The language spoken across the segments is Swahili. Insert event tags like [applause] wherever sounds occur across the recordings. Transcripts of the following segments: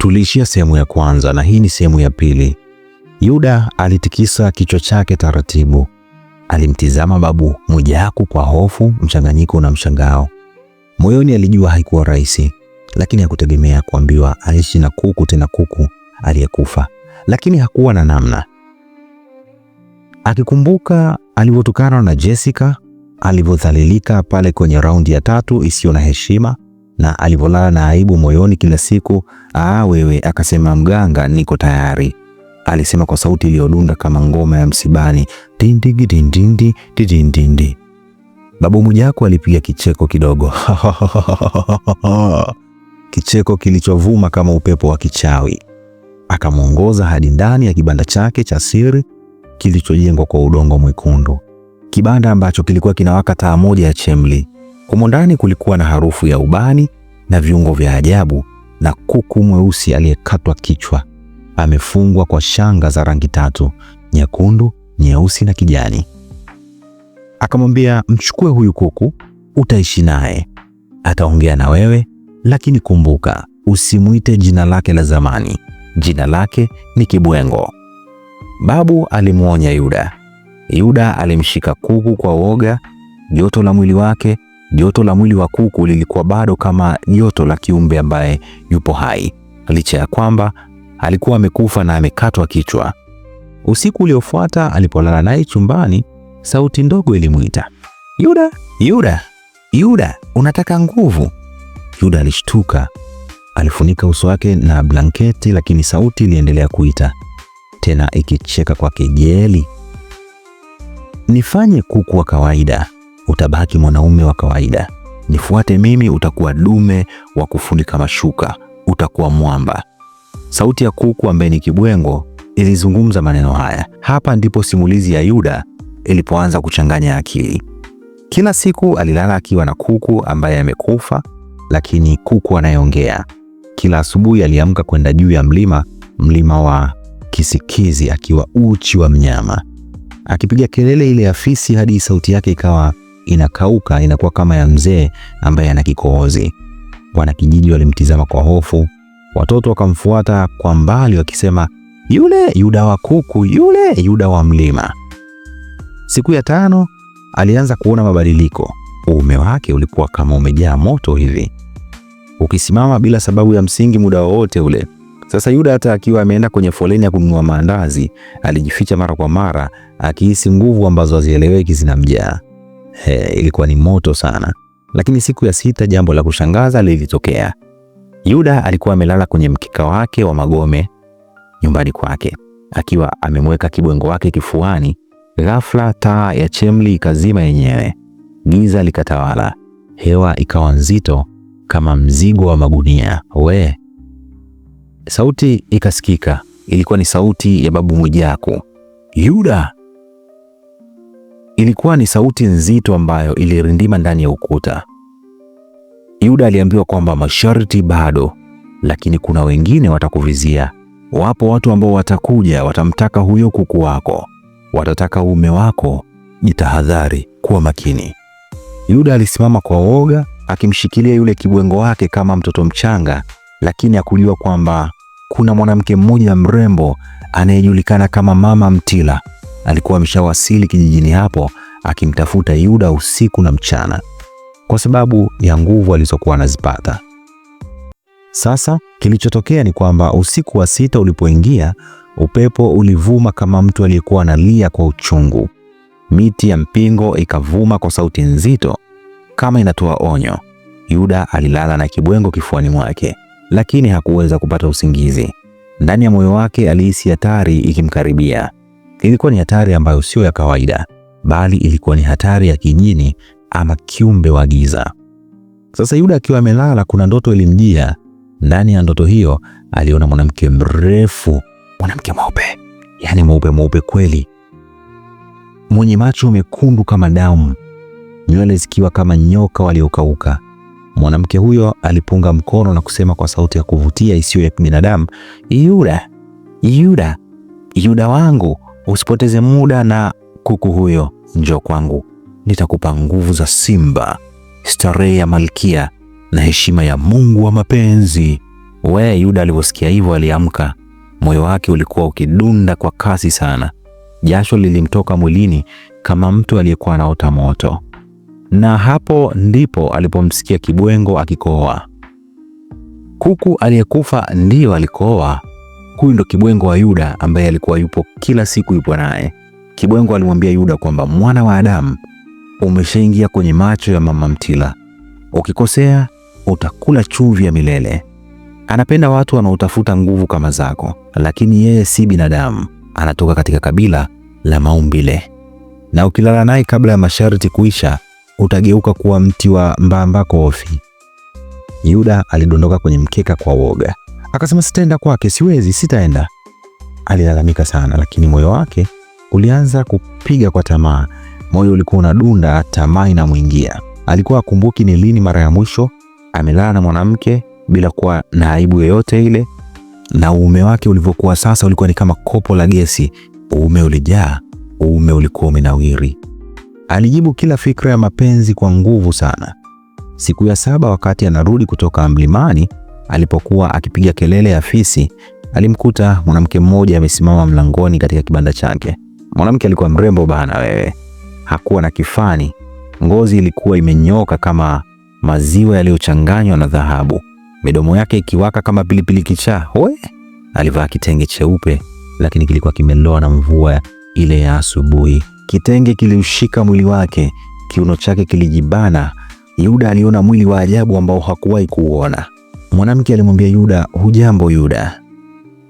Tuliishia sehemu ya kwanza na hii ni sehemu ya pili. Yuda alitikisa kichwa chake taratibu, alimtizama Babu Mwijaku kwa hofu, mchanganyiko na mshangao. Moyoni alijua haikuwa rahisi, lakini hakutegemea kuambiwa aishi na kuku, tena kuku aliyekufa. Lakini hakuwa na namna. Akikumbuka alivyotukana na Jessica, alivyodhalilika pale kwenye raundi ya tatu isiyo na heshima na alivyolala na aibu moyoni kila siku. Aa wewe, akasema mganga, niko tayari, alisema kwa sauti iliyodunda kama ngoma ya msibani, tindigi tindindi tindindi. Babu Mwijaku alipiga kicheko kidogo [laughs] kicheko kilichovuma kama upepo wa kichawi. Akamwongoza hadi ndani ya kibanda chake cha siri kilichojengwa kwa udongo mwekundu, kibanda ambacho kilikuwa kinawaka taa moja ya chemli. Humo ndani kulikuwa na harufu ya ubani, na viungo vya ajabu na kuku mweusi aliyekatwa kichwa. Amefungwa kwa shanga za rangi tatu: nyekundu, nyeusi na kijani. Akamwambia, mchukue huyu kuku, utaishi naye, ataongea na wewe, lakini kumbuka, usimwite jina lake la zamani. Jina lake ni Kibwengo. Babu alimwonya Yuda. Yuda alimshika kuku kwa woga. Joto la mwili wake Joto la mwili wa kuku lilikuwa bado kama joto la kiumbe ambaye yupo hai, licha ya kwamba alikuwa amekufa na amekatwa kichwa. Usiku uliofuata alipolala naye chumbani, sauti ndogo ilimwita, Yuda, Yuda, Yuda, unataka nguvu? Yuda alishtuka, alifunika uso wake na blanketi, lakini sauti iliendelea kuita tena, ikicheka kwa kejeli. Nifanye kuku wa kawaida, utabaki mwanaume wa kawaida. Nifuate mimi, utakuwa dume wa kufunika mashuka, utakuwa mwamba. Sauti ya kuku ambaye ni kibwengo ilizungumza maneno haya. Hapa ndipo simulizi ya Yuda ilipoanza kuchanganya akili. Kila siku alilala akiwa na kuku ambaye amekufa, lakini kuku anayeongea. Kila asubuhi aliamka kwenda juu ya mlima, mlima wa Kisikizi, akiwa uchi wa mnyama, akipiga kelele ile ya fisi hadi sauti yake ikawa inakauka, inakuwa kama ya mzee ambaye ana kikohozi. Wanakijiji walimtizama kwa hofu, watoto wakamfuata kwa mbali wakisema, yule Yuda wa kuku, yule Yuda wa mlima. Siku ya tano alianza kuona mabadiliko. Uume wake ulikuwa kama umejaa moto hivi, ukisimama bila sababu ya msingi muda wowote ule. Sasa Yuda hata akiwa ameenda kwenye foleni ya kununua maandazi, alijificha mara kwa mara, akihisi nguvu ambazo hazieleweki zinamjaa he, eh, ilikuwa ni moto sana. Lakini siku ya sita jambo la kushangaza lilitokea. Yuda alikuwa amelala kwenye mkika wake wa magome nyumbani kwake akiwa amemweka kibwengo wake kifuani. Ghafla taa ya chemli ikazima yenyewe, giza likatawala, hewa ikawa nzito kama mzigo wa magunia. We, sauti ikasikika. Ilikuwa ni sauti ya Babu Mwijaku. Yuda, Ilikuwa ni sauti nzito ambayo ilirindima ndani ya ukuta. Yuda aliambiwa kwamba masharti bado, lakini kuna wengine watakuvizia. Wapo watu ambao watakuja, watamtaka huyo kuku wako, watataka uume wako. Jitahadhari, kuwa makini. Yuda alisimama kwa woga, akimshikilia yule kibwengo wake kama mtoto mchanga, lakini akujua kwamba kuna mwanamke mmoja mrembo anayejulikana kama Mama Mtila alikuwa ameshawasili kijijini hapo akimtafuta Yuda usiku na mchana kwa sababu ya nguvu alizokuwa anazipata. Sasa kilichotokea ni kwamba usiku wa sita ulipoingia, upepo ulivuma kama mtu aliyekuwa analia kwa uchungu. Miti ya mpingo ikavuma kwa sauti nzito kama inatoa onyo. Yuda alilala na kibwengo kifuani mwake, lakini hakuweza kupata usingizi. Ndani ya moyo wake alihisi hatari ikimkaribia. Ilikuwa ni hatari ambayo sio ya kawaida, bali ilikuwa ni hatari ya kijini ama kiumbe wa giza. Sasa Yuda akiwa amelala, kuna ndoto ilimjia. Ndani ya ndoto hiyo aliona mwanamke mrefu, mwanamke mweupe, yaani mweupe mweupe kweli, mwenye macho mekundu kama damu, nywele zikiwa kama nyoka waliokauka. Mwanamke huyo alipunga mkono na kusema kwa sauti ya kuvutia isiyo ya kibinadamu, Yuda, Yuda, Yuda wangu, Usipoteze muda na kuku huyo, njoo kwangu, nitakupa nguvu za simba, starehe ya malkia na heshima ya Mungu wa mapenzi. We, Yuda alivyosikia hivyo aliamka. Moyo wake ulikuwa ukidunda kwa kasi sana, jasho lilimtoka mwilini kama mtu aliyekuwa anaota moto, na hapo ndipo alipomsikia kibwengo akikohoa. Kuku aliyekufa ndiyo alikoa Huyu ndo kibwengo wa Yuda ambaye alikuwa yupo kila siku yupo naye. Kibwengo alimwambia Yuda kwamba mwana wa Adamu, umeshaingia kwenye macho ya mama Mtila, ukikosea utakula chumvi ya milele. Anapenda watu wanaotafuta nguvu kama zako, lakini yeye si binadamu, anatoka katika kabila la maumbile, na ukilala naye kabla ya masharti kuisha, utageuka kuwa mti wa mbambako ofi. Yuda alidondoka kwenye mkeka kwa woga. Akasema sitaenda kwake, siwezi, sitaenda. Alilalamika sana, lakini moyo wake ulianza kupiga kwa tamaa. Moyo ulikuwa unadunda, tamaa inamwingia. Alikuwa akumbuki ni lini mara ya mwisho amelala na mwanamke bila kuwa na aibu yoyote ile, na uume wake ulivyokuwa sasa ulikuwa ni kama kopo la gesi. Uume ulijaa, uume ulikuwa umenawiri. Alijibu kila fikra ya mapenzi kwa nguvu sana. Siku ya saba, wakati anarudi kutoka mlimani, alipokuwa akipiga kelele ya fisi, alimkuta mwanamke mmoja amesimama mlangoni katika kibanda chake. Mwanamke alikuwa mrembo bana wewe, hakuwa na kifani, ngozi ilikuwa imenyoka kama maziwa yaliyochanganywa na dhahabu, midomo yake ikiwaka kama pilipili kichaa. We, alivaa kitenge cheupe lakini kilikuwa kimeloa na mvua ile ya asubuhi. Kitenge kiliushika mwili wake, kiuno chake kilijibana. Yuda aliona mwili wa ajabu ambao hakuwahi kuuona. Mwanamke alimwambia Yuda, hujambo Yuda,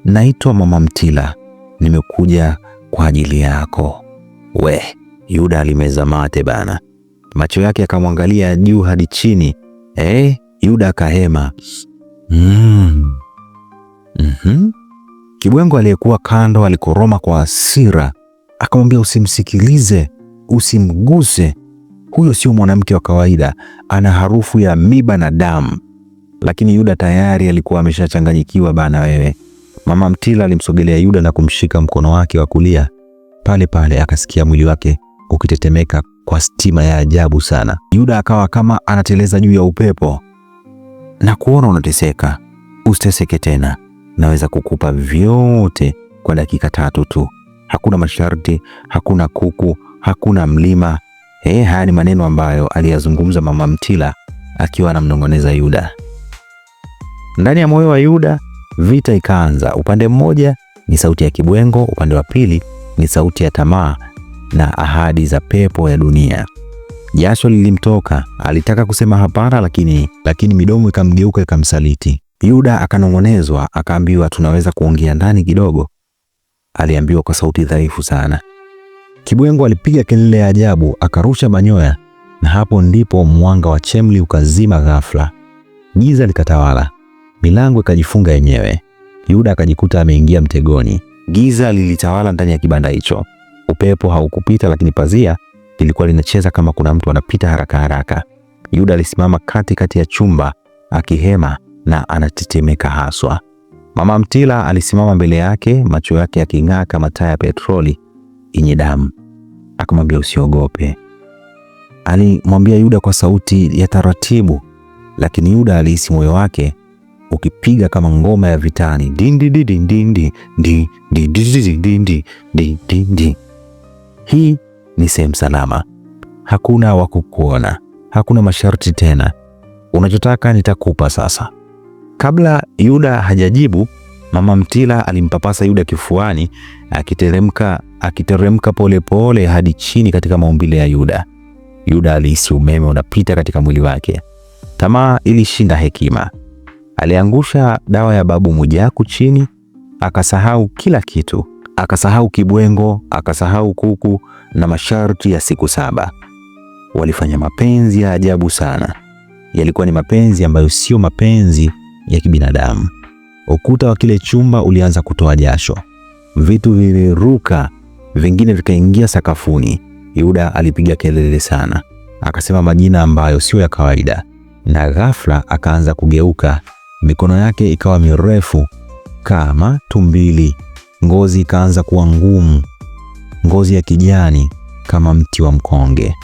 naitwa mama Mtila, nimekuja kwa ajili yako. We Yuda alimeza mate bana, macho yake akamwangalia juu hadi chini. Eh, Yuda akahema mm. mm -hmm. Kibwengo aliyekuwa kando alikoroma kwa hasira, akamwambia usimsikilize, usimguse huyo, sio mwanamke wa kawaida, ana harufu ya miba na damu lakini Yuda tayari alikuwa ameshachanganyikiwa bana wewe. Mama Mtila alimsogelea Yuda na kumshika mkono wake wa kulia. Pale pale akasikia mwili wake ukitetemeka kwa stima ya ajabu sana. Yuda akawa kama anateleza juu ya upepo. na kuona unateseka, usiteseke tena, naweza kukupa vyote kwa dakika tatu tu. Hakuna masharti, hakuna kuku, hakuna mlima. Eh, haya ni maneno ambayo aliyazungumza Mama Mtila akiwa anamnong'oneza Yuda. Ndani ya moyo wa Yuda vita ikaanza. Upande mmoja ni sauti ya kibwengo, upande wa pili ni sauti ya tamaa na ahadi za pepo ya dunia. Jasho lilimtoka, alitaka kusema hapana, lakini lakini midomo ikamgeuka ikamsaliti. Yuda akanong'onezwa, akaambiwa tunaweza kuongea ndani kidogo, aliambiwa kwa sauti dhaifu sana. Kibwengo alipiga kelele ya ajabu, akarusha manyoya, na hapo ndipo mwanga wa chemli ukazima ghafla. Giza likatawala. Milango ikajifunga yenyewe. Yuda akajikuta ameingia mtegoni. Giza lilitawala ndani ya kibanda hicho, upepo haukupita, lakini pazia lilikuwa linacheza kama kuna mtu anapita haraka haraka. Yuda alisimama katikati ya chumba akihema na anatetemeka haswa. Mama Mtila alisimama mbele yake, macho yake yaking'aa kama taa ya petroli yenye damu. Akamwambia, usiogope, alimwambia Yuda kwa sauti ya taratibu, lakini Yuda alihisi moyo wake ukipiga kama ngoma ya vitani dindi dindi dindi dindi dindi dindi dindi. Hii ni sehemu salama, hakuna wakukuona hakuna masharti tena. Unachotaka nitakupa sasa. Kabla Yuda hajajibu, mama Mtila alimpapasa Yuda kifuani, akiteremka akiteremka polepole hadi chini katika maumbile ya Yuda. Yuda alihisi umeme unapita katika mwili wake. Tamaa ilishinda hekima. Aliangusha dawa ya Babu Mujaku chini, akasahau kila kitu, akasahau kibwengo, akasahau kuku na masharti ya siku saba. Walifanya mapenzi ya ajabu sana. Yalikuwa ni mapenzi ambayo sio mapenzi ya kibinadamu. Ukuta wa kile chumba ulianza kutoa jasho, vitu viliruka, vingine vikaingia sakafuni. Yuda alipiga kelele sana, akasema majina ambayo sio ya kawaida, na ghafla akaanza kugeuka mikono yake ikawa mirefu kama tumbili, ngozi ikaanza kuwa ngumu, ngozi ya kijani kama mti wa mkonge,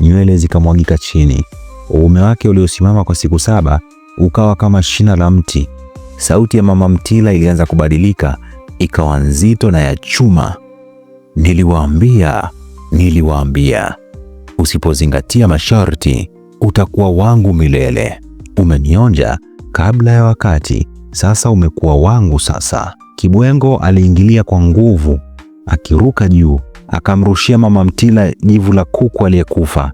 nywele zikamwagika chini. Uume wake uliosimama kwa siku saba ukawa kama shina la mti. Sauti ya mama Mtila ilianza kubadilika, ikawa nzito na ya chuma. Niliwaambia, niliwaambia, usipozingatia masharti utakuwa wangu milele. Umenionja, kabla ya wakati, sasa umekuwa wangu sasa. Kibwengo aliingilia kwa nguvu, akiruka juu akamrushia mama Mtila jivu la kuku aliyekufa.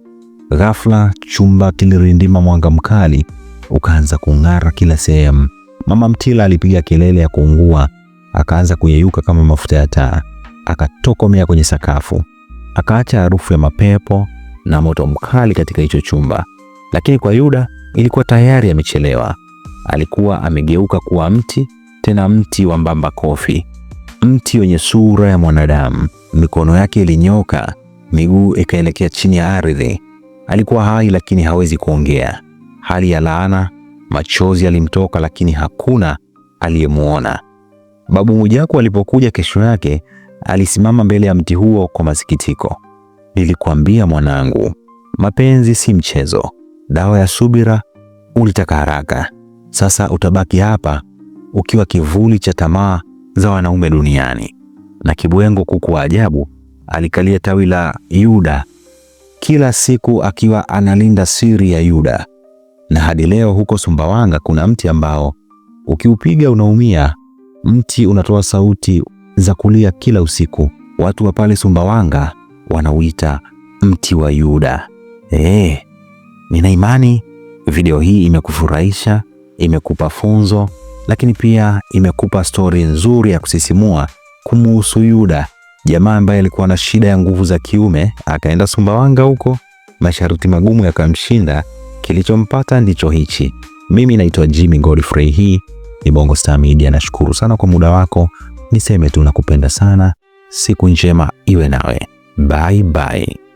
Ghafla chumba kilirindima, mwanga mkali ukaanza kung'ara kila sehemu. Mama Mtila alipiga kelele ya kuungua, akaanza kuyeyuka kama mafuta ya taa, akatokomea kwenye sakafu, akaacha harufu ya mapepo na moto mkali katika hicho chumba. Lakini kwa Yuda ilikuwa tayari amechelewa alikuwa amegeuka kuwa mti, tena mti wa mbamba kofi, mti wenye sura ya mwanadamu. Mikono yake ilinyoka, miguu ikaelekea chini ya ardhi. Alikuwa hai lakini hawezi kuongea, hali ya laana. Machozi alimtoka lakini hakuna aliyemwona. Babu Mwijaku alipokuja kesho yake, alisimama mbele ya mti huo kwa masikitiko. Nilikuambia mwanangu, mapenzi si mchezo, dawa ya subira. Ulitaka haraka, sasa utabaki hapa ukiwa kivuli cha tamaa za wanaume duniani. Na kibwengo kuku wa ajabu alikalia tawi la Yuda, kila siku akiwa analinda siri ya Yuda. Na hadi leo huko Sumbawanga kuna mti ambao ukiupiga unaumia. Mti unatoa sauti za kulia kila usiku. Watu wa pale Sumbawanga wanauita mti wa Yuda. Eh, nina imani video hii imekufurahisha imekupa funzo, lakini pia imekupa stori nzuri ya kusisimua kumuhusu Yuda, jamaa ambaye alikuwa na shida ya nguvu za kiume, akaenda Sumbawanga huko, masharti magumu yakamshinda. Kilichompata ndicho hichi. Mimi naitwa Jimmy Godfrey, hii ni Bongo Star Media. Nashukuru sana kwa muda wako, niseme tu nakupenda sana. Siku njema iwe nawe, bye bye.